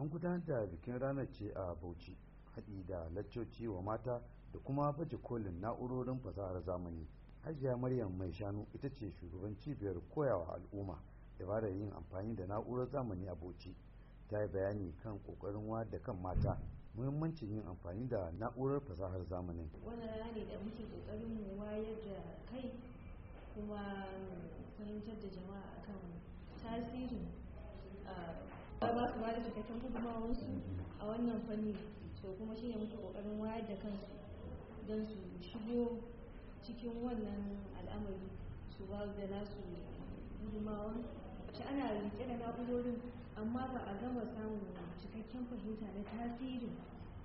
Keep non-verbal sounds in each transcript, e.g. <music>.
an gudanar da bikin ranar ce a bauchi haɗi da laccoci wa mata da kuma baje kolin na'urorin fasahar zamani hajiya maryam mai shanu ita ce shugaban cibiyar koyawa al'umma dabarar yin amfani da na'urar zamani a bauchi ta yi bayani kan kokarin da kan mata muhimmancin yin amfani da na'urar fasahar zamani wannan da kuma fahimtar da jama'a akan tasirin ah, ya ba su ba da cikakken gudunmawarsu a wannan fanni to kuma shine ne muke kokarin wayar da kansu don su shigo cikin wannan al'amari su ba da nasu gudunmawar ta ana rike da na'urorin amma ba a gama samun cikakken fahimta na tasirin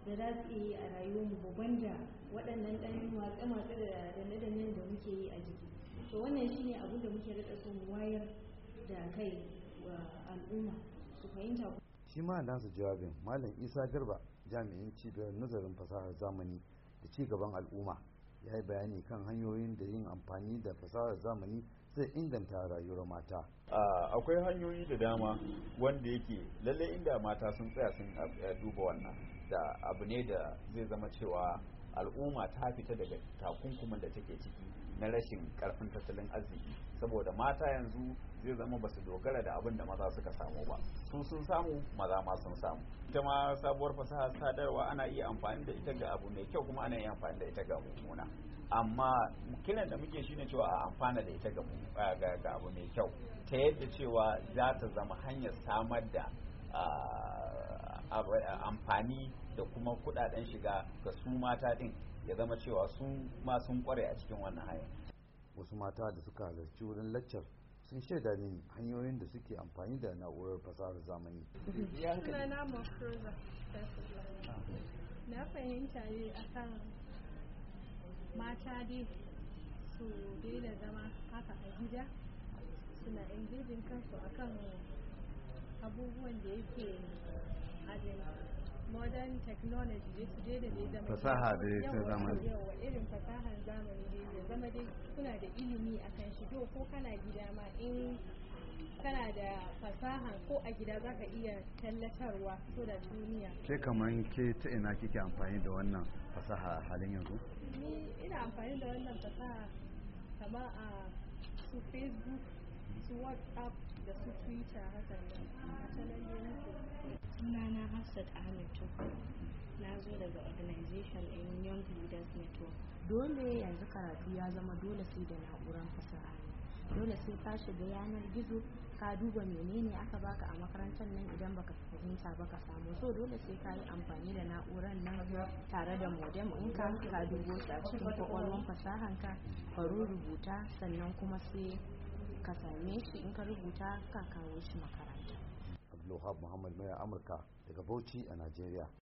da za su iya yi a rayuwarmu babban da waɗannan ɗan matsa-matsa da danne-dannen da muke yi a jiki to wannan shine abin da muke rika mu wayar da kai wa al'umma su fahimta shi ma nasa jawabin malam isa garba jami'in cibiyar nazarin fasahar zamani da ci gaban al'umma ya yi bayani kan hanyoyin da yin amfani da fasahar zamani zai inganta rayuwar mata akwai hanyoyi da dama wanda yake lallai inda mata sun tsaya sun eh, duba wannan da abu ne da zai zama cewa al'umma ta fita daga takunkumin da take ciki na rashin karfin tattalin arziki saboda mata yanzu zai zama basu dogara da abin da maza suka samu ba su sun samu maza ma sun samu ita ma sabuwar fasaha sadarwa ana iya amfani da ita ga abu mai kyau kuma ana iya amfani da ita ga mummuna amma kiran da muke shine cewa a amfana da ita ga abu mai kyau ta yadda cewa za ta zama hanyar samar da Eh, amfani da kuma kudaden shiga ga su mata din ya zama cewa su ma sun kware a cikin wannan hanyar wasu mata da suka halarci wurin laccar sun shaida ne hanyoyin da suke amfani da na'urar fasahar zamani <laughs> na fahimta ne akan mata dai su daina zama haka a gida suna engaging kansu akan abubuwan da yake wannan technology da su da zai zama fasaha da ya ta zamani yawa irin fasahan zamani da ya zama dai suna da ilimi a kan shi to ko kana gida ma in kana da fasaha ko a gida za ka iya tallatarwa so da duniya ke kamar ke ta ina kike amfani da wannan fasaha a halin yanzu ni ina amfani da wannan fasaha kama a su facebook su whatsapp da su twitter haka a talalle suna na hafsat ahmed na zo daga organization in young leaders network dole yanzu karatu ya zama dole sai da na'urar fasaha dole sai ka shiga yanar gizo ka duba menene aka baka a makarantar nan idan baka fahimta ba ka samu so dole sai ka yi amfani da na'urar nan tare da modem in ka ka dubo shi a cikin kwakwalwar fasahanka ka rubuta sannan kuma sai ka same shi in ka rubuta ka kawo shi makaranta abdulwahab muhammad mai amurka daga bauchi a najeriya